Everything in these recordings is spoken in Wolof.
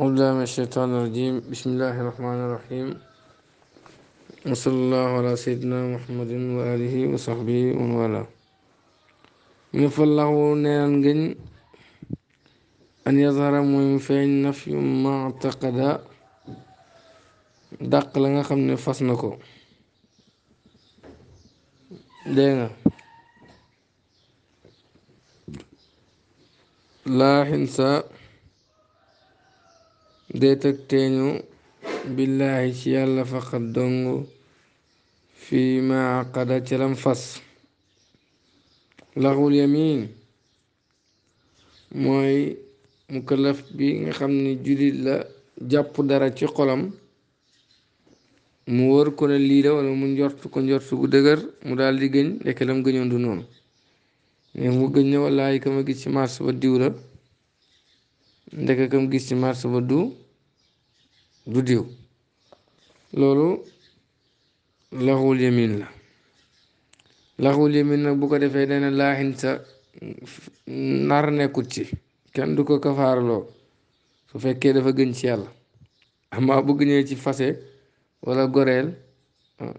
أعوذ من الشيطان الرجيم بسم الله الرحمن الرحيم وصلى الله على سيدنا محمد وآله وصحبه ومن والاه من الله نيرانجن أن يظهر من فين نفي ما اعتقد دق لنا خمن فصنكو دينا لا حنسى day tëgteeñu billaahi ci yàlla faqat dong fii ma àqada ci fas laxul yamin mooy mukallaf bi nga xam ni jullit la jàpp dara ci xolam mu wër ko ne lii la wala mu njort ko njort gu dëgër mu daal gëñ lekk lam gëñoon du noonu ne mu gëñ ne wallaahi ka ma gis ci mars ba diw ndeke kam gis ci marché ba du du diw loolu laxul yamin la laxul yamin nag bu ko defee dana laaxin sa nar nekkut ci kenn du ko kafaarloo su fekkee dafa gën ci yàlla amaa bu gënee ci fase wala goreel ah,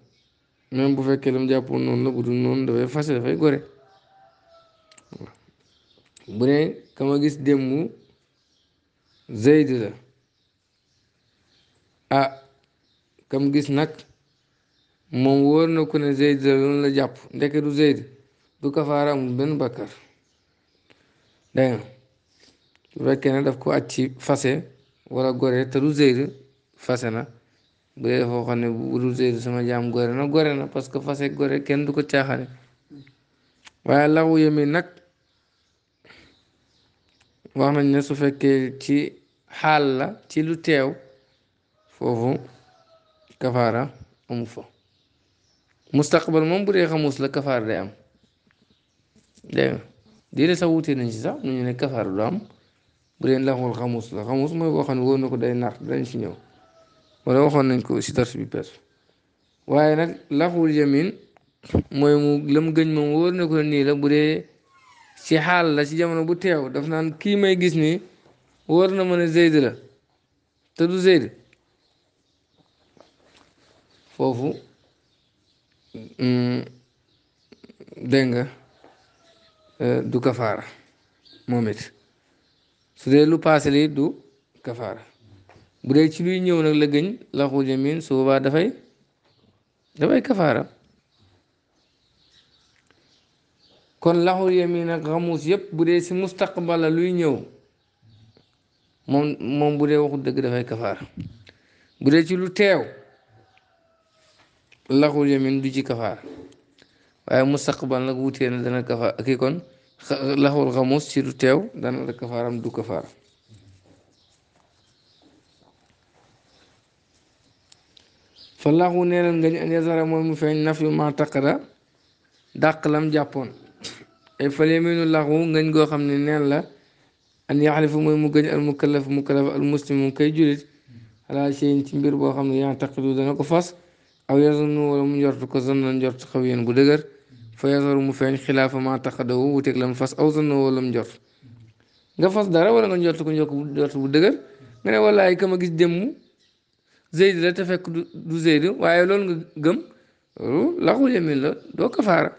même bu fekkee lam jàppoon noonu la bu dul noonu dafay fase dafay gore bu ne kama gis démb zeyd la ah kam gis nag moom wóor na ku ne zeyd la loolu la jàpp ndeke du zeyd du kafaara amul benn bakkar dégg nga su fekkee ne daf ko at ci fase wala gore te du zeyd fase na bu dee foo xam ne bu du zeyd sama jaam gore na gore na parce que fase gore kenn du ko caaxaane waaye laxu yemi nag wax nañ ne su fekkee ci xaal la ci lu teew foofu kafaara amu fa mustaqbal moom bu dee la kafaara day am dégg nga déedéet sax wutee nañ ci sax nu ñu ne kafaara du am bu dee laxul xamuus la xamuus mooy boo xam na ko day nar dañ ci ñëw wala waxoon nañ ko si dars bi perse waaye nag laxul yamin mooy mu lam gëñ moom wóor na ko nii la bu dee ci xaal la ci jamono bu teew daf naan kii may gis nii wóor na ma ne la te du Zeyd foofu mm, dégg nga euh, du kafaara moom it su dee lu paase lii du kafaara bu dee ci luy ñëw nag la gëñ laxu jamin su boobaa dafay dafay kafaara kon laxu yamin ak xamuus yépp bu dee si mustaqbala luy ñëw moom moom bu dee waxul dëgg dafay kafaar bu dee ci lu teew laxul yamin du ci kafaar waaye mustaqbal nag wutee na dana kafaar kii kon laxul xamus ci lu teew dana la kafaaram du kafaar fa laxu neenal nga ñu mooy mu feeñ naf yu ma taqada dàq lam jàppoon ay fa yaminu laxu ngañ goo xam ne neen la ان يعرف من مكج المكلف مكلف المسلم كي جلد على شيء تمبير بو خامن يعتقد ذلك فاس او يظن ولا من يرت كظن ان يرت قويا بو دغر فيظهر مفين خلاف ما اعتقده وتكلم فاس او ظن ولا من يرت nga fas dara wala nga ñort ko ñok ñort bu deugar nga ne wallahi kama gis dem zeyd la te fek du zeyd waye lool nga gem la xul yemin la do kafara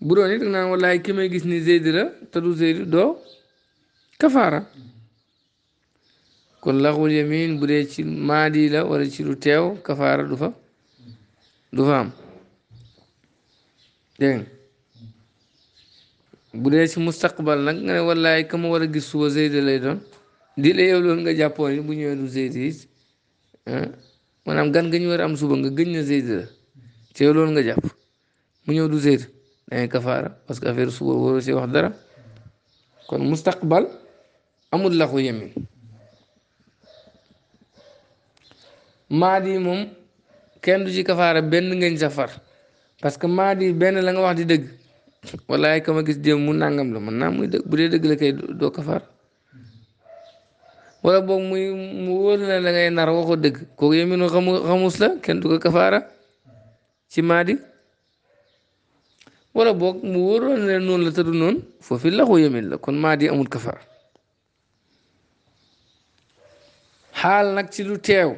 bu doon it naan wallaay ki may gis ni Zeydi la te du Zeydi doo kafaara kon laxul yamin bu dee ci maadi la wala ci lu teew kafaara du fa du am dégg bu dee ci mustaqbal nag nga ne wallaay ka ma war gis suba Zeydi lay doon di la loolu nga jàppoo it bu ñëwee du Zeydi it ah, maanaam gan nga ñu war a am suba nga gëñ na Zeydi la loolu nga jàpp mu ñëw du Zeydi dangay kafaara parce que affaire suba waroo si wax dara kon mustaqbal amul laxu yemin maadi moom kenn du ci kafaara benn ngeen safar parce que maadi benn la nga wax di dëgg wallaay ka ma gis démb mu nangam la mën naa muy dëgg bu dee dëgg la kay doo kafaara wala boog muy mu wóor na la ngay nar waxoo dëgg kooku yeminu xamus la kenn du kafaara ci maadi wala boog mu wóoroon ne noonu la tëdd noonu foofu laxu yemin la kon maa di amul kafaar xaal nag ci lu teew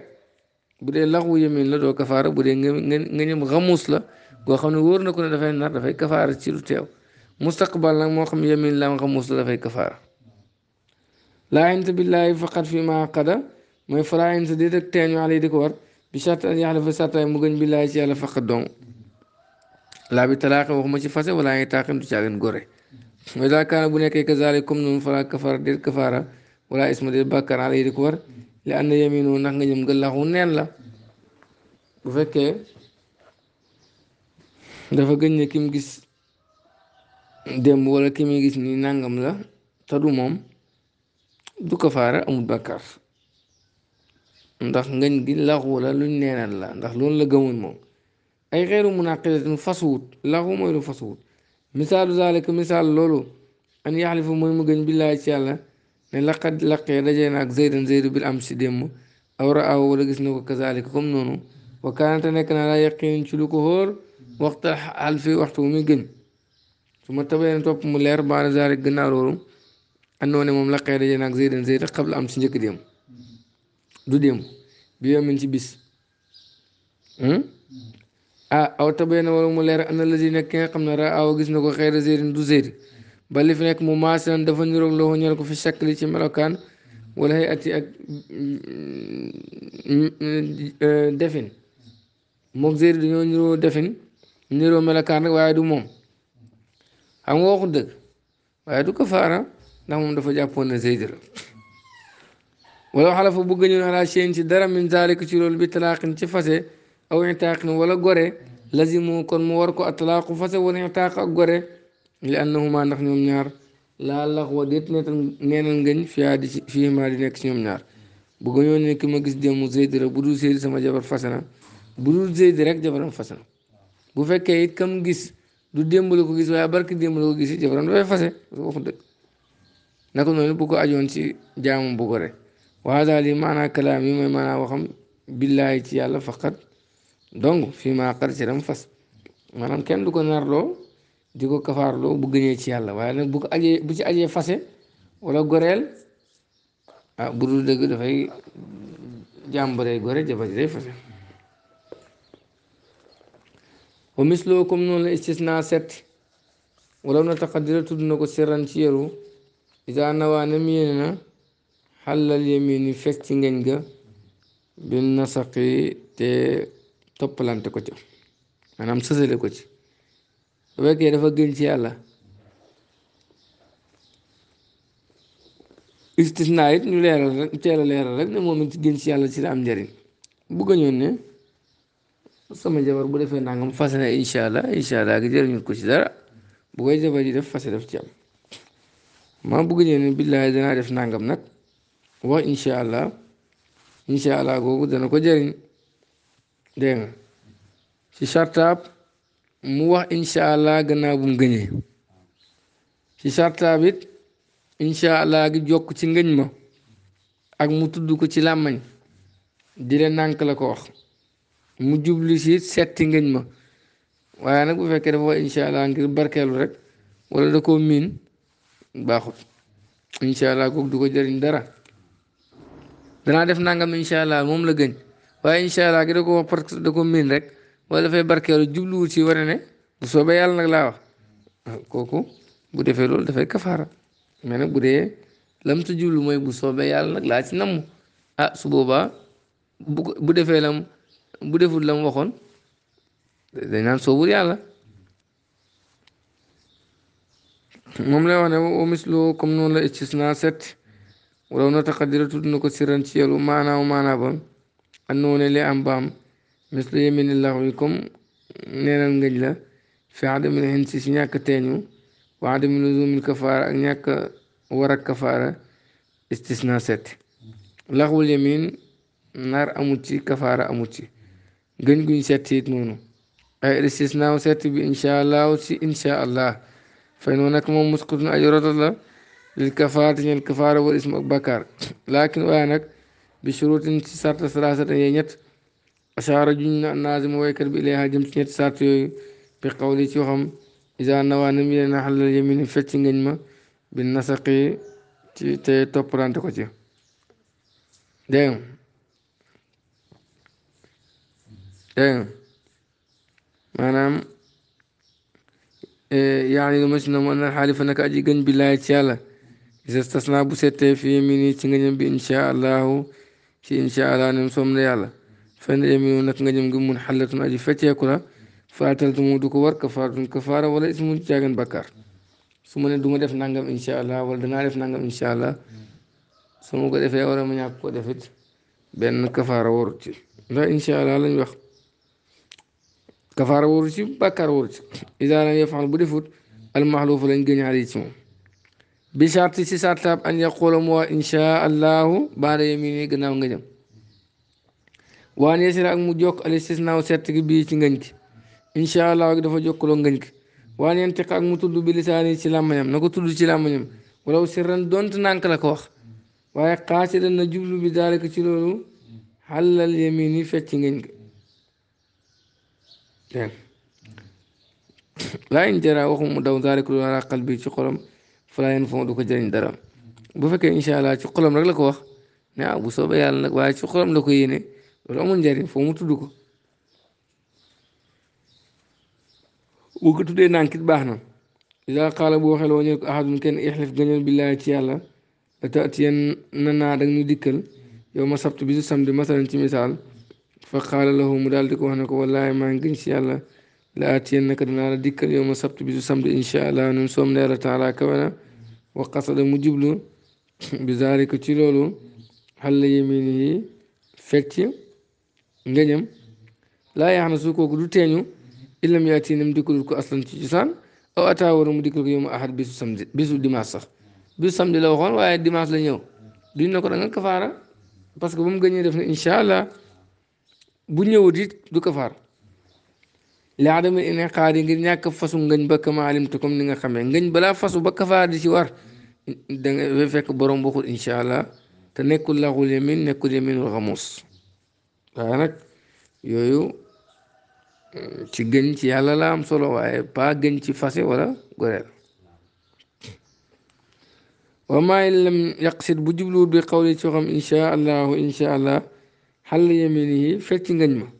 bu dee laxu yemin la doo kafaara bu dee nga nga ñëm xamuus la goo xam ne wóor na ko ne dafay nar dafay kafaara ci lu teew mustaqbal nag moo xam yemin la am xamuus la dafay kafaara laa yamta billaahi faqat fi ma qada mooy falaa yamta déet ak teeñu ala yi di ko war bi charte an yaxlafa sartaay mu gëñ billaahi ci yàlla faqat dong laa bi talaaxe waxuma ci fase wala ngi taaxim du caagin gore mais daa kaana bu nekkee kazaale comme noonu fala kafara déet wala isma déet bàkkaar yi di ko war li ànd yamino ndax nga ñëm nga laxu neen la bu fekkee dafa gëñ ne ki mu gis démb wala ki muy gis nii nangam la tadu moom du kafaara amul bàkkaar ndax ngañ gi laxu la luñ neenal la ndax loolu la gëmoon moom ay xeeru munaqidatin fasuwut laxu mooy lu fasuwut misaalu zaalika misaal loolu an yaxlifa mooy mu gëñ billaahi ci yàlla ne laqad laqee dajee na ak zaydan zaydu bil am si démb gis na ko kazaalika comme noonu wa kaanata nekk lu ko xóor waxta alfi waxtu su ma tabayeen topp mu leer baana zaalik gannaaw loolu andoo ne moom laqee dajee na ak zaydan zayd xabla am si njëkk démb du démb bi yomin ci bis hmm? ah aw tabee na wala mu leer ana nekk ki nga xam ne ra aw gis na ko xëyra zéerin du zéeri ba li fi nekk mu maasan dafa niroog loo ñeel ko fi shakli ci melokaan wala xëy ak mm, mm, mm, eh, defin mook zéeri niroo defin niroo melokaan rek waaye du moom xam nga dëgg waaye du ko faara ndax moom dafa jàppoon ne zéeri la wala xalafa bëgg ñu xalaat seen ci dara min zaalik ci loolu bi talaaqin ci fase aw intaaqin wala gore lazimu kon mu war ko atalaaqu fase wala intaaq ak gore li annahuma ndax ñoom ñaar laa lax wa déet neenal ngëñ fiyaa di fii maa di nekk si ñoom ñaar bu gëñoo ne ki ma gis démb Zeyd la bu dul sama jabar fase na bu dul Zeyd rek jabaram fase na bu fekkee kam gis du démb ko gis waaye barki démb la ko gis jabaram dafay fase waxu dëgg naka ci jaamu yi kalaam yi mooy maanaa waxam billaahi ci yàlla faqat donc fii maa xar ci ram fas maanaam kenn du ko narloo di ko kafaarloo bu gënee ci yàlla waaye nag bu ko ajee bu ci ajee fase wala goreel ah bu dul dëgg dafay jàmbaree gore jabar ji day ci yaru isa nawaa nam yéene na xàllal yemini fekk ga bin nasaqi te toppalante ko ca maanaam sësale ko ci bu fekkee dafa gën ci yàlla istisna it ñu leeral rek teel leeral rek ne moom it gën ci yàlla ci la am njëriñ bu gëñoon ne sama jabar bu defee nangam fase na incha allah incha allah gi jëriñu ko ci dara bu koy jabar yi def fase def ci am maa bu gëñoon ne billaay danaa def nangam nag wax incha allah incha allah googu dana ko jëriñ. dégg nga ci sartaab mu wax incha allah gannaaw bu ci sartaab it allah gi jokk ci ngëñ ma ak mu tudd ko ci làmmañ di leen nank la ko wax mu jublu si setti ngëñ ma waaye nag bu fekkee dafa wax incha allah ngir barkeelu rek wala da ko miin baaxut incha allah kooku du ko jariñ dara danaa def nangam incha allah moom la gëñ. waaye incha allah gi da ko wax parce miin rek wala dafay barkeelu jubluwul ci wane ne bu soobee yàlla nag laa wax kooku bu defee loolu dafay kafaara mais nag bu dee lam ta jublu mooy bu soobee yàlla nag laa ci namm ah, su boobaa bu defee lam bu deful lam waxoon dañ moom lay wax ne wa misloo comme noonu la istisna set wala na taqadira tudd na ko siran ci yelu maanaaw maanaa ba النون اللي أنبام مثلية من اللغويكم نينا نجلة في عدم الهنسيس نياك تانيو وعدم لزوم الكفارة نياك ورق كفارة استثناء ست لغو اليمين نار أموتي كفارة أموتي جن جن ستيت نونو استثناء ست بإن شاء الله وسي إن شاء الله فإنونك مو مسكتنا أجرات الله للكفارة الكفارة والاسم بكار لكن وانك bi shurutin ci sarta salaasata yee ñett ashaara juñ na naazim waykat bi ilayha jëm ci ñetti sart yooyu bi qawli ci waxam isa nawaa na mi na xalal yamin fecc ngañ ma bi nasaqi ci te toppalante ko ci dégg dégg maanaam eh, yaani lu mas na mu anal xaalifa naka aji gëñ bi ci yàlla isa stasna bu fi yamini ci ngañam bi insha allahu ci incha allah nem soom na yàlla fenn yeminu nag nga jëm gi mun xallatun aji fecceeku la faataltu mu du ko war kafaaratun kafaara wala ismu jaagan bakkaar su ma ne du ma def nangam incha allah wala danaa def nangam incha allah su ma ko defee war a ma ko defit benn kafaara waru ci ndax incha allah lañ wax kafaara waru ci bakkaar waru ci idaa lam yafal bu defut almaxluufa lañ gëñaar yi moom bi sarti si sartaab an yaqula mu waa insha allahu baada yamini gannaaw nga jëm waan yesira ak mu jokk al istisnaaw sett gi bii ci ngañ ki insha allahu gi dafa jokkaloo ngañ ki waan yantiq ak mu tudd bi lisaani ci làmmañam na ko tudd ci làmmañam walaw sirran dont nànk la ko wax waaye xaasidan na jublu bi daalika ci loolu xàllal yamini fecc ngañ ki laa in jara waxu mu daw daalika lu ala qalbi ci xolam فلان فون دوكو جارين درام بو فكي إن شاء الله شو قلم رجل كوخ نا بو سوبا يالنا كواي شو قلم لكو ييني ولو من جارين فون متو دوكو وكو تودي نانكت باحنا إذا قال بو خلو نيوك أحد ممكن إحلف جنيل بالله تيالا لتأتين ننا دنگ نو ديكل يوم سبت بيزو سمد مثلا تي مثال فقال له مدال ديكو هنكو والله ما نجن سيالا لا أتي دنا ديكل يوم سبت بيزو سمد إن شاء الله ننسوم نيرا تعالى كمانا wa qasada mu jublu bi zaalika ci loolu xalla yemini yi fecc ngeñam laa yax na su kooku du teeñu illam yaati nam dikkalul ko aslan ci cosaan aw ataa wara mu dikkal ko yow mu ahad bisu samedi bisu dimanche sax bisu samedi la waxoon waaye dimanche la ñëw duñ ne ko kafaara parce que ba mu gëñee def na incha bu ñëwut it du kafaara لعدم الانعقاد غير ناك فاسو غن بك ما علمتكم نيغا خامي غن بلا فاسو بك فا دي سي وار فيك بروم بوخو ان شاء الله تا نيكول لاغو اليمين نيكول اليمين الغموس فانك يويو تي غن تي يالا لا ام سولو واي با غن تي فاسي ولا غورل وما ان لم يقصد بجبلو بقوله تخم ان شاء الله ان شاء الله حل يمينه فتي غنمه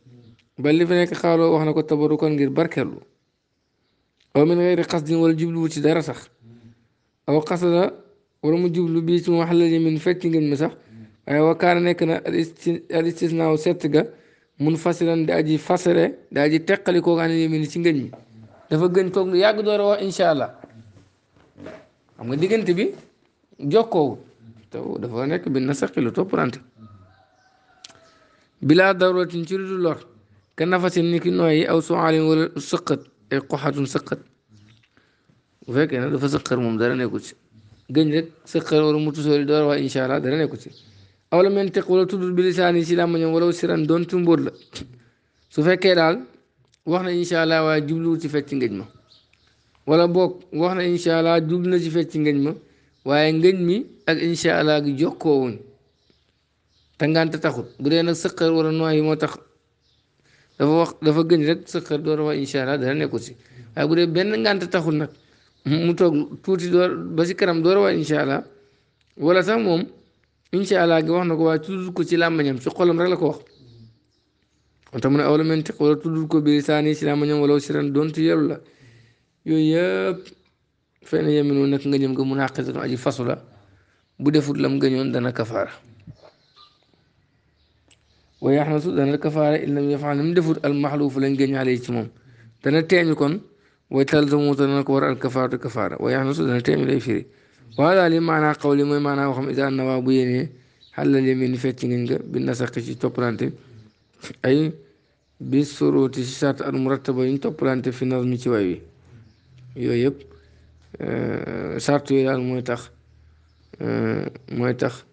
ba li fi nekk xaaloo wax na ko tabarukan ngir barkeelu aw min xeyri xasdin wala jubluwu ci dara sax aw xasada wala mu jublu bii suma mu wax la ni min fekk ngeen mi sax waaye nekk na al istisnaaw mun fasilan di aji fasale di teqali kooku an yemin ci ngëñ mi dafa gën kooku yàgg door a wax insha allah xam nga diggante bi jokkoowu te dafa nekk bi na saqi lu toppalante bilaa daruratin ci lu dul lor كالنفس نيك نوعي أو سعال ولا سقط قحة سقط وفيك أنا دفع سقر مم درني كوتش جنجك سقر ولا متسول دار وإن شاء الله درني كوتش أو من تقول ولا تدل بلسانه سلا من ولو سرا دون تنبول سوفيك دال وحنا إن شاء الله وجبلو تفتي نجمه wala boog wax na incha allah jublu na ci fecc ngëñ ma waaye ngëñ mi ak incha gi jokkoo wuñ te taxut bu dee nag wala nooy moo tax dafa wax dafa gëñ rek sa kër door a wax dara nekku si waaye bu dee benn ngànt taxul nag mu toog tuuti door ba si kanam door a wax wala sax moom incha allah gi wax na ko waaye tuddul ko ci làmmañam ci xolam rek la ko wax. kon tam mu ne aw la menteq wala tuddul ko bi saani ci làmmañam wala si ren la yooyu yëpp fenn yeminu nag nga ñëm nga mun a xaqi aji fasu la bu defut mu gëñoon dana kafaara. وyaxnasu dana kafaara in lam yafal lam defut al maxluufu lañ gëñ xale ci moom dana teeñu kon way talzamu dana ko war al kafaaratu kafaara wa yaxnasu dana teeñu lay firi wa hada li maanaa qawli mooy maanaa waxam idaa nawaa bu yéenee xalal yamin fecc ngañ nga bi nasaqi ci toppalante ay bi suruti si sart al murattaba yuñ toppalante fi nazmi ci way wi yooyu yëpp sart yooyu daal mooy tax mooy tax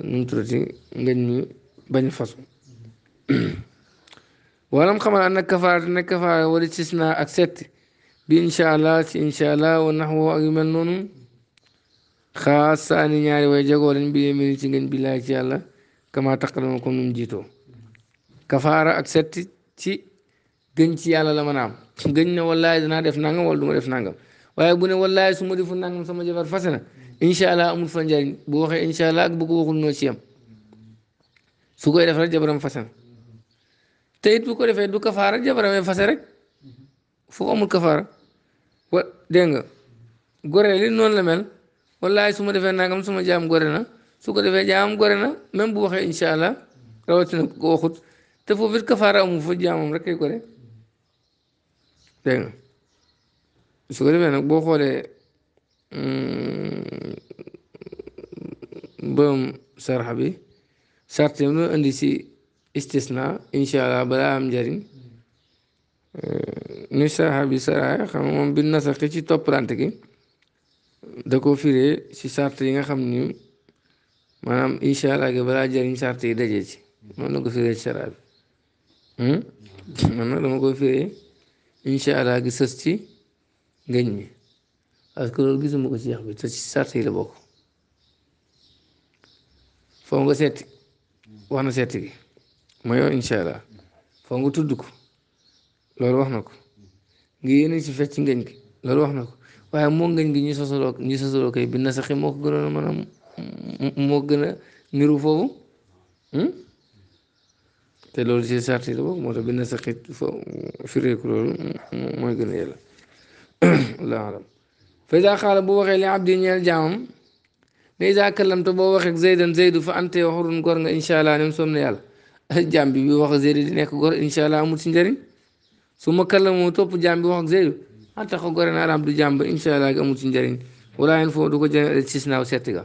nu mu tuddati ngañ mi bañ fasu walam xamal an nag kafaara nekk kafaara wala istisna ak sett bi incha allah ci incha allah wa naxwo ak yu mel noonu xaasaani ñaari way jagoo lañ bi yéemee ci ngeen billaay ci yàlla kama taqadama comme nu mu jiitoo kafaara ak sett ci gën ci yàlla la mën a am gëñ ne wallaay danaa def nangam wala du ma def nangam waaye bu ne wallaay su ma defu nangam sama jabar fase na incha allah amul fa njariñ bu waxee incha allah ak bu ko waxul noo ci yam su ko def rek jabaram fase na te it bu ko defee du kafaara jabaramee fase rek foofu amul kafaara wa dégg nga goree noonu la mel wallaay su ma defee nangam suma jaam gore na su ko defee jaamam gore na même bu waxee incha allah rawatina ko waxut te foofu it kafaara amul fa jaamam rek kay gore dégg su ko defee nag boo xoolee mm, bëm sarxa bi sart yi mu indi si istisna incha allah balaa am njëriñ nu euh, ci toppalante gi da ko si sart yi nga xam ni maanaam incha allah gi balaa jëriñ sart ko firee ci saraxa bi man hmm? nag dama ko firee incha gi sës ci ngëñ mi parce que loolu gisuma ko ci yax bi te ci sart yi la bokk foo nga seeti wax na seeti gi mooy yow incha allah foo nga tudd ko loolu wax na ko ngi yéen si fecc ngëñ gi loolu wax na ko waaye moo ngëñ gi ñu sosoloo ñu sosoloo koy bi na moo ko gënoon a mën gën a niru foofu hmm? te loolu si sart la bokk moo tax bi na saxi foo fireeku loolu mooy gën a yàlla allahu alam fa idaa bu waxee li abdi ñeel jaamam fa iza kallamta boo waxee zaydan zaydu fa ante xurun gor nga incha allah nem soom na yàlla jaam bi bi wax zaydu di nekk gor incha allah amul ci njëriñ su ma topp jaam bi wax zaydu xatta ko gore naa raam du jaam ba incha allah amul wala yéen foofu du ko jëlee sis naaw setti ga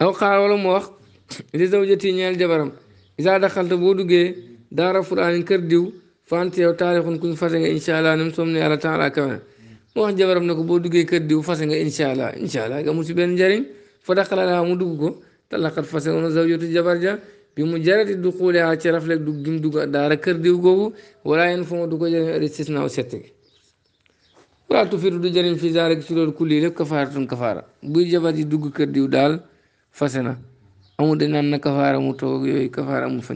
aw xaar wala mu wax li zawjati ñeel jabaram iza daxalta boo duggee daara furaanin kër diw fa ante yow taarixun kuñ fase nga incha allah nem soom na yàlla mu wax jabaram ne ko boo duggee kër diw fase nga incha allah incha allah nga si benn njariñ fa daxalaha mu dugg ko talaqat fase woon zawjatu jabar ja bi mu jarati du xuuleha ci rafleg du gim dugg kër diw du ko jëriñ buy jabar ji dugg kër diw daal fase na amul dañ naan na kafaara mu toog yooyu kafaara amul fa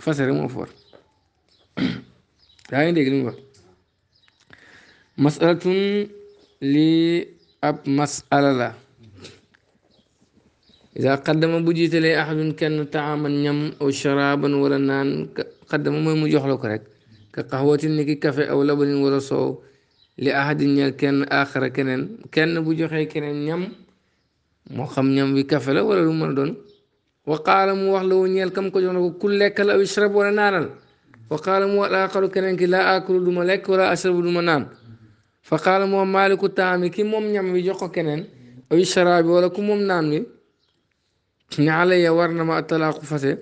fase rek moo foor daa ngi dégg li mu مسألة لي أب مسألة لا إذا قدم بجيت لي أحد كان طعاما نم أو شرابا ولا نان قدم ما مجوح لك رك كقهوة نكي كافي أو لبن ولا صو لأحد نيال كان آخر كنن كان بجوح كنن نم مخم نم بكافي لا ولا لما دون وقال موح لو نيال كم كجون كل كلا يشرب ولا نانل وقال موح الآخر كنن كلا آكل دوما لك ولا أشرب دوما نانل fa qaala moom maaliku taami ki moom ñam wi jox ko keneen awi sharaabi wala ku moom naan wi ne alayya war na ma atalaaku fase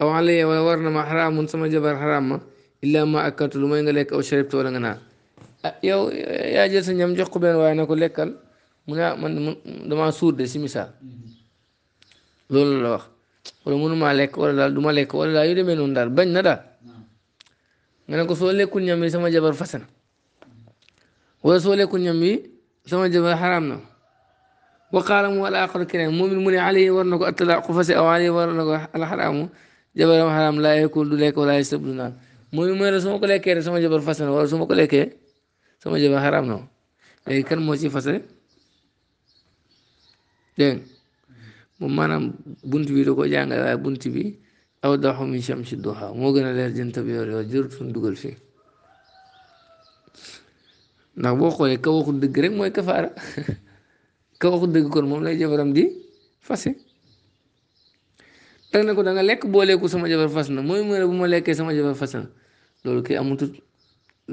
aw alayya wala war na ma xaraamun sama jabar xaraam ma illaa ma akkaltu lu may nga lekk aw sharibtu wala nga naan ah, yow yaa jox ko benn na ko lekkal mu ne ah, man damaa si misaal loolu lekk wala daal du ma lekk wala daal yu noonu daal bañ na daal nga ne ko soo lekkul ñam yi sama jabar fase na wala soo lekkul ñam yi sama jabar xaraam na waqaalam wal aaxar keneen moom mu ne alayhi war na ko atalaaqu fase aw alayhi war na ko alxaraamu jabaram xaraam laa yakul du lekk wala yasab du naan moom it mu ne la su ma ko lekkee rek sama jabar fase na wala su ma ko lekkee sama jabar xaraam na léegi kan moo ci fase dégg moom maanaam bunt bi da ko jàngal waaye bunt bi aw daxu min chamsi duha moo gën a leer jënt bi yor yor jërutoon dugal fii ndax boo xoolee kaw waxul dëgg rek mooy kafaara ka waxul dëgg kon moom lay jabaram di fase teg na ko da nga lekk boo lekku sama jabar fas na mooy mu ne bu ma lekkee sama jabar fas loolu kay amutut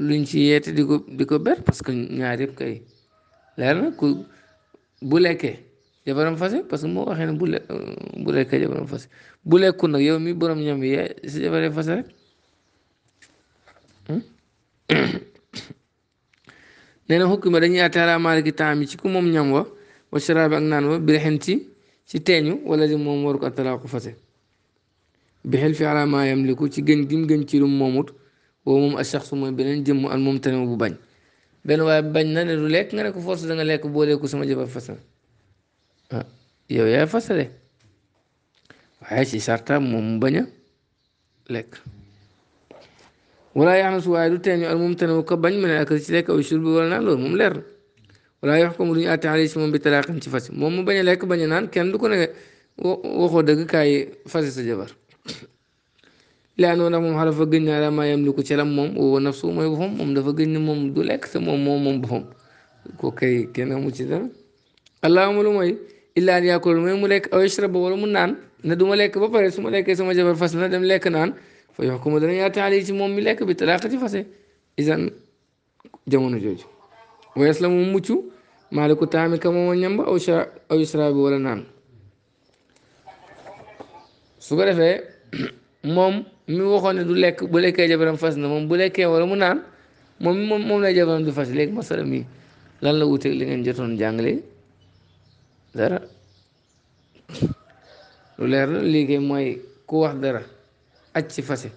luñ ci yeete di ko di ko ber parce que ñaar yëpp kay leer na ku bu lekkee jabaram fase parce que moo waxee ne bu le bu lekkee jabaram fase bu lekkul nag yow mi borom ñam yi sa jabaree fase rek hmm? nee na xukki ma dañuy àtte ku moom ñam wa wa sharaab ak naan wa birixin ci ci teeñu wala di moom waru ko atalaaku fase bi xel fi alaamaa yamliku ci gën gim gën ci lu moomut woo moom asaxsu mooy beneen jëmm al moom tane bu bañ benn waaye bañ na ne du lekk nga ne ko force danga lekk boo lekku sama jabar fase ah yow yaay fasale waaye ci sarta moom mu bañ lekk wala yaxna su waaye du teeñu al moom tane ko bañ ma ne ak ci lekk aw shurbi wala naan loolu moom leer na wala ko mu duñu àtte xale si moom bi talaaqin ci fas moom mu a lekk bañ a naan kenn du ko ne waxoo dëgg kaay fase sa jabar laa noonu nag moom moom woo naf su mooy boppam moom dafa gëñ ne moom lekk mooy illaa mu lekk aw yashrab wala mu naan ne du lekk ba pare su ma lekkee sama jabar fas na dem lekk naan fa yox ko ma dana yaate ali ci moom mi lekk bi talaaka ci fase isan jamono jooju wees la moom mucc maaliku taami ka moom ñam ba aw sha aw isra bi wala naan su ko defee moom mi waxoon ne du lekk bu lekkee jabaram fas na moom bu lekkee wala mu naan moom moom moom lay jabaram di fas léegi masala mi lan la wuteeg li ngeen jotoon jàngale dara lu leer la léegi mooy ku wax dara aj si fase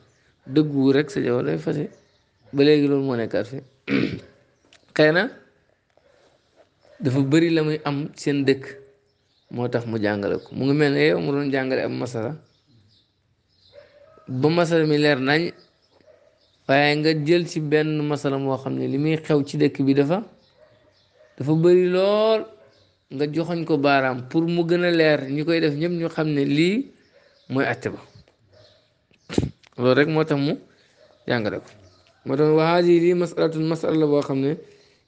dëgguwul rek sa jabar fase ba léegi loolu moo nekkaat fi xëy na dafa bëri la muy am seen dëkk moo tax mu jàngale ko mu ngi mel ne yow mu doon jàngale am masala ba masala mi leer nañ waaye nga jël ci benn masala moo xam ne li muy xew ci dëkk bi dafa dafa bari lool nga joxoñ ko baaraam pour mu gën a leer ñi koy def ñëpp ñu xam ne lii mooy àtte ba loolu rek moo tax mu jàngale ko moo tax la boo xam ne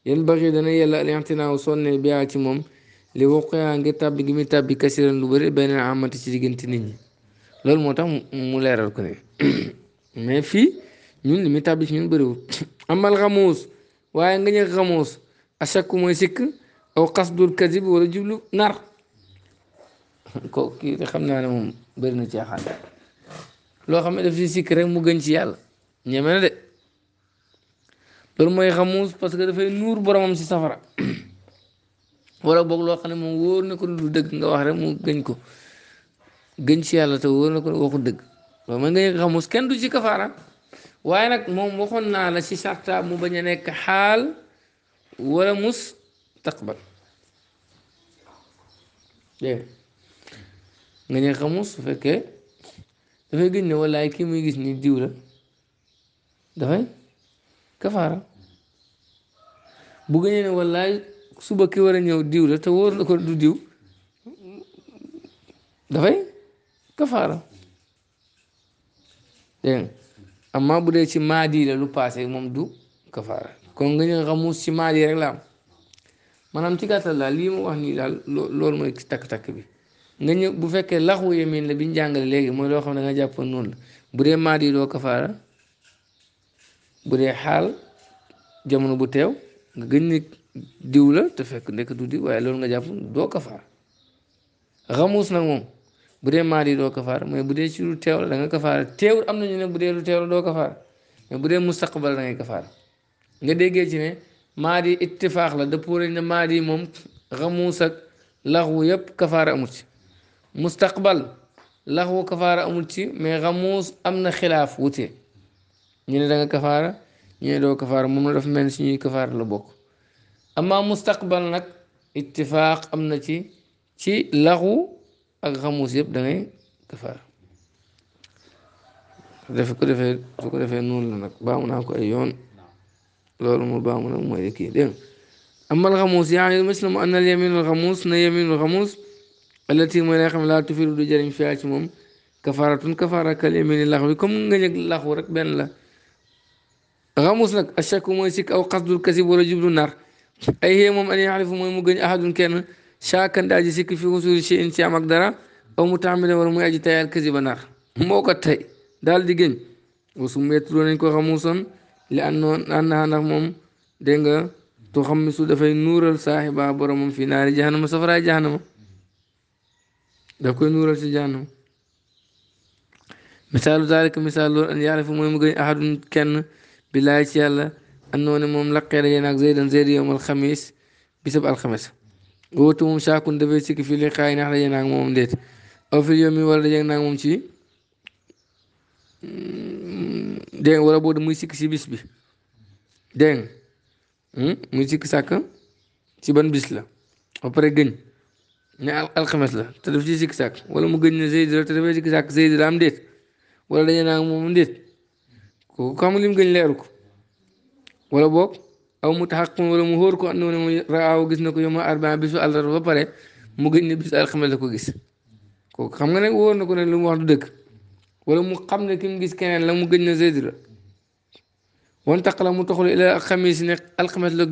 yéen bëri dana yàlla alintinaaw sonne ci moom li waquyaa ngir gi muy tàbbi kasiran lu bëri benn amati ci diggante nit ñi loolu moo tax leeral ko ne mais fii ñun li muy tàbbi ci ñun bëriwul amal xamuus waaye nga ñëw xamuus achakku mooy sikk aw xasdul kasib wala jublu nar ko kii xam naa ne moom bëri na caaxaan loo xam ne daf si sikk rek mu gën ci yàlla ñeme na de loolu mooy xamuus parce que dafay nuur boromam ci safara wala boog loo xam ne moom wóor na ko dëgg nga wax rek mu gëñ ko gëñ ci te wóor na ko dëgg loolu mooy nga nekk xamuus kenn du ci kafaara waaye nag moom waxoon naa la si sarta mu bañ a nekk xaal walla mus taqbal nga nekk xamuus su fekkee dafay gis ne wallaay kii muy gis ni diw la dafay kafaara bu gëñee ne wallaay suba ki war a ñëw diw la te wóor du diw dafay kafaara dégg amma bu dee ci maadi la lu paase moom du kafaara kon nga ñëw xamuus ci maadi rek la am ci gàttal daal lii ma wax nii daal loolu mooy takk-takk bi nga ñëw bu fekkee laxu yemin la bi ñu jàngale léegi mooy loo xam ne nga jàppoon noonu la bu dee maadi doo kafaara bu dee xaal jamono bu teew nga gëñ ne diw la te fekk ndekk du waaye loolu nga jàpp doo kafaara xamuus nag moom bu dee maadi doo kafaara mais bu dee ci lu teew la da nga kafaara teewul am nañu ne bu dee lu teew la doo kafaara mais bu dee mustaqbal da ngay kafaara nga déggee ci ne maadi ittifaax la dëppoo lañ ne maadi moom xamuus ak laxu yépp kafaara amut ci mustaqbal laxu kafaara amul ci mais xamuus am na xilaaf wute ñu ne da nga kafaara ñu ne doo kafaara moom la dafa mel si ñuy kafaara la bokk amaa mustaqbal nag ittifaaq am na ci ci laxu ak xamuus yëpp da ngay kafaara def ko defee su ko defee noonu la nag baamu naa ko ay yoon loolu mu baamu nag mooy kii dégg amal xamuus yaa ngi mislu mu annal yaminul xamuus na yaminul xamuus التي ما يخم لا تفيد دجارين فيها تموم كفارة كفارة كلمة الله وكم نجل الله ورك بين الله غموس لك الشك ميسك أو قصد الكذب ولا جبل النار أي مم أن يعرف ما يمكن أحد كان شاكا داجسك في وصول شيء إن شاء مقدرة أو متعمل ولا ميجي تيار كذب النار موقع تاي دال دجن وسميت رونيكو غموسا لأنه أنها نغمم دينغا تخمسو دفع نور الصاحب عبر في نار جهنم سفر جهنم دكوي نور الجنة مثال ذلك مثال أن يعرف مهم أحد كان بالله يتيالا أنه أنا مملقي لينك زيدا زيد يوم الخميس بسبب الخميس قوتو مشاكون دبيتك في لقاء نحن ينعم ممدت أو في اليوم يولد ينعم ممشي دين ولا بود ميسك سي بس بي دين ميسك ساكن سي بان بس لا أو نعم مثله تضرب شي زيك زاك ولا ممكن زي يضرب تلف زيك زاك زي يضرب مديت ولا دينا مديت نعم كم اللي ممكن ليركو ولا بوك أو متحقق ولا مهوركو أنه نعم رأى وجسنكو يوم أربعة بيسو ألا الرب باري ممكن بيسو القي مثله جس ko xam nga ne wóor na ko ne lu mu wax du dëgg wala mu xam ne ki mu gis keneen la mu gëj na zeyd la wantaq la mu toxlu ila alxamis ne alxamis la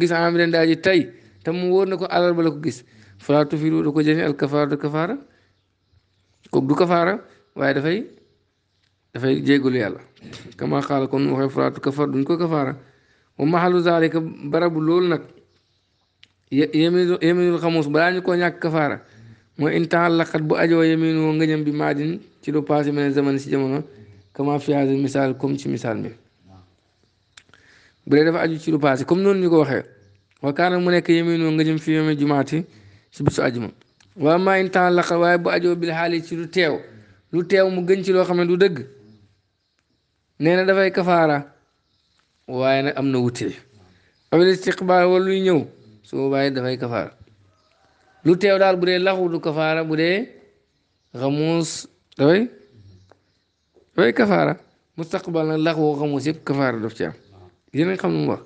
falaa tufiidu da ko jëlee al kafaaratu kafaara kooku du kafaara waaye dafay dafay jégalu yàlla kama xaala kon waxee falaatu kafaar duñ ko kafaara wa maxalu zaalika barabu loolu nag yeminu yeminul xamuus balaa ñu koo ñàkk kafaara mooy intaan laqat bu ajoo yeminu ngëñam bi maadin ci lu passé mel ne zaman si jamono kama fi haazal misaal comme ci misaal mi bu dee dafa aju ci lu passé comme noonu ñu ko waxee wa kaana mu nekk yeminu ngëñam fi yome jumaati si bisu ajuma waaw maa in taalaqa waaye bu ajoo bil xaali ci lu teew lu teew mu gën ci loo xam ne du dëgg nee na dafay kafaara waaye nag am na wutee awil istiqbaal wala luy ñëw su boobaa dafay kafaara lu teew daal bu dee laxu du kafaara bu dee xamuus dafay dafay kafaara mustaqbal nag laxu xamuus yëpp kafaara daf ci am yéen a xam lu mu wax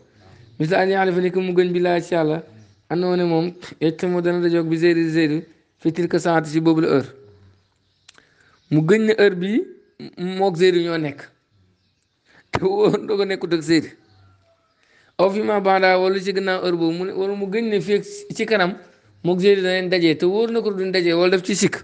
misal an yaalifa ni mu gën bi laa yàlla andoon ne moom yecta moo dana dajoog bi zeydi zeydi fi tilka saati ci boobu la heure mu gëñ ne heure bii mook zeydi ñoo nekk te wóor doo ko nekkut ak zeydi aw fi ma baada wala ci gannaaw heure boobu mu ne wala mu gëñ ne fii ci kanam mook zeydi daneen te wóor na ko duñ dajee wala def ci sikk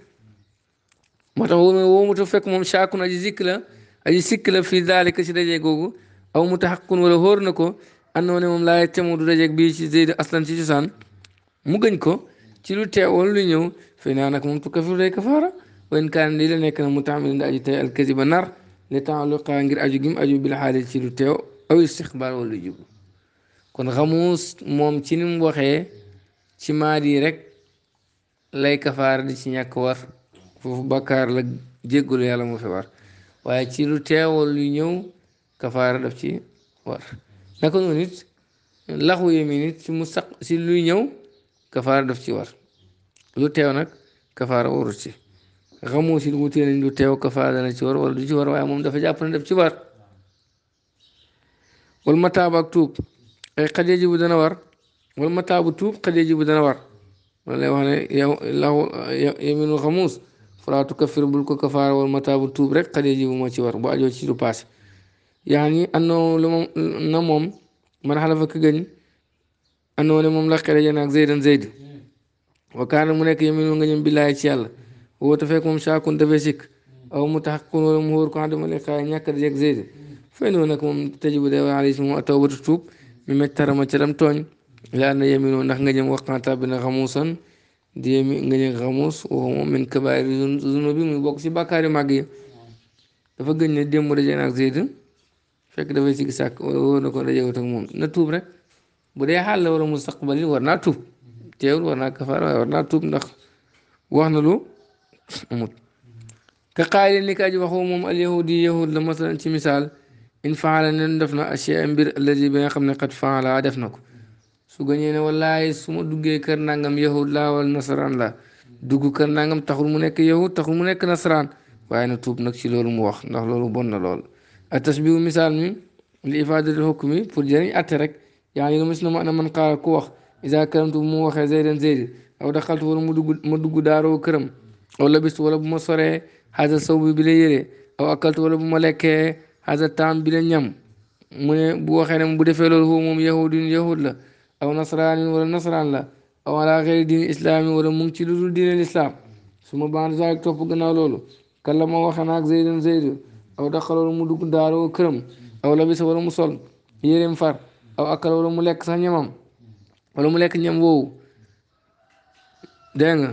moo tax woo mu ta fekk moom saakun aji sikk la aji sikk la fii daalika ci dajee googu aw mu taxaqun wala xóor na ko àndoon ne moom laa yegtemoo du dajeeg bii ci Zayd aslan ci cosaan mu gëñ ko ci lu teewoon lu ñëw fay naa nag moom tukkafiru lii la nekk mu taamil nda aju tey alkasi ba nar li taaluqa ngir aju gim aju bil xaalis ci lu teew aw ci ni mu waxee ci maadi rek lay kafaara ci ñàkk war la jéggalu yàlla moo waaye ci lu teewal lu ñëw kafaara daf ci war ما كون ونيت لاخو يمينيت في المستقبل سي لو نيو كفاره داف سي وار لو تيو نك كفاره ورسي غمو سي لو تيو لو تيو كفاره دنا سي وار ولا دي وار واي موم داف جاب نا داف سي وار والمتاب توب اي قد يجب دنا وار والمتاب توب قد يجب دنا وار ولا وانا لاخو يمينو خموس فلا تكفر بالكفاره والمتاب توب رك قد يجب ما سي وار بو اجو سي لو باسي يعني أنه لمم نمم من حلف كجن أنه لمم لا خير جناك زيدا زيد وكان منك يمين ونجم بالله تعالى هو تفك مم شاكون تفسك أو متحقون ولا مهور كان دم لك نياك زيك زيد فين هناك مم تجيب دعوة عليه اسمه اتوب تشوب مما ترى ما تلم تون لأن يمين ونحن نجم وقعت تابنا غموسا دي nga ñu xamus waxuma min kabaari zunu bi muy bokk si bàkkaari màgg yi dafa gëñ ne fekk dafay sigi sàkk wala wóor na ko daje wut ak moom na tuub rek bu dee xaal la wala mustaqbali war naa tuub teewul war naa kafaar waaye war naa tuub ndax wax na lu amut ka xaali ni ka aji waxoo moom al yahudi yahud la masalan ci misaal in faala nen def na ache mbir alladi bi nga xam ne xat faala def na ko su gañee ne wallaay su ma duggee kër nangam yahud laa wal nasaraan la dugg kër nangam taxul mu nekk yahud taxul mu nekk nasaraan waaye na tuub nag ci loolu mu wax ndax loolu bon na lool التشبيه misaal mi li ifaadatil hukmi pour jëriñ atte rek yaa ngi ne mos na mu ana man qaala ku wax isa karamtu bu mu waxee zaydan zaydi aw daxaltu wala mu dugg ma dugg daaroo këram aw labistu wala bu ma soree xaasa saw bi bi la yére aw akaltu wala bu ma lekkee xaasa taam bi la ñam mu ne bu waxee ne bu defee loolu foofu moom yahudin yahud la aw nasraanin wala nasraan la aw ala xeyri diin islaami wala mu ngi ci lu dul diinal islaam su ma baax na topp gannaaw loolu kàlla ma waxee naag zaydan zaydi aw daxaloolu mu dugg daaroo këram aw labisa wala mu sol yéreem far aw akala wala mu lekk sax ñamam wala mu lekk ñam woowu dégg nga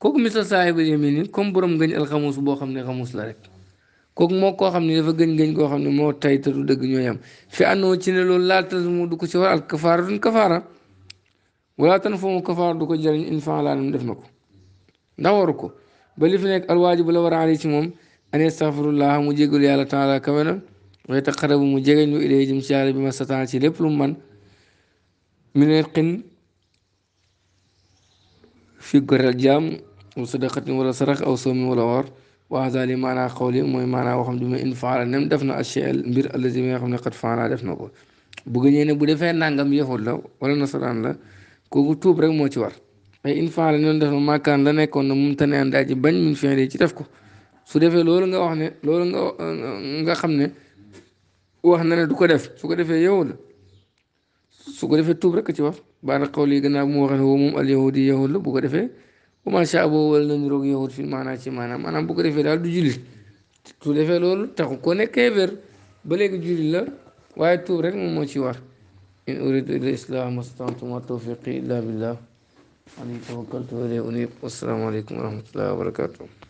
kooku misal saahiba yamin ni comme borom gëñ alxamus boo xam ne xamus la rek kooku moo koo xam ne dafa gëñ gëñ koo xam ne moo tay te du dëgg ñooy am fi àndoo ci ne loolu laata mu du ko ci war al kafaara duñ kafaara wala tan foofu kafaara du ko jëriñ infant laa def na ko ndax waru ko ba nekk alwaajibu la war a an yastaxfirullah mu jégalu yàlla taala kawe na way taqarabu mu jegeñ lu ci yàlla bi ma sataan ci lépp lu mu man min irqin fi goreel jaam wa sadaqatin wala sarax aw soomin wala woor wa azali maanaa xawli mooy maanaa waxam du ma in faala nem def na achel mbir allazi mi nga nangam yahud la wala moo ci war ay in faala noonu def nekkoon moom tane an bañ min fi'li ci def ko su defee loolu nga wax ne loolu nga nga xam ne wax na ne du ko def su ko defee yow su ko defee tuub rek ci wax baana xaw lii gannaaw bu mu waxee woo moom al yahudi yahud la bu ko defee bu ma sha boo wala na niroog yahud ci maanaam maanaam bu ko defee daal du jullit su defee loolu tax ko nekk kéeféer ba léegi jullit la waaye tuub rek moom moo ci war in uridu illa islah mastata'tu ma tawfiqi illa billah alayhi tawakkaltu wa ilayhi unib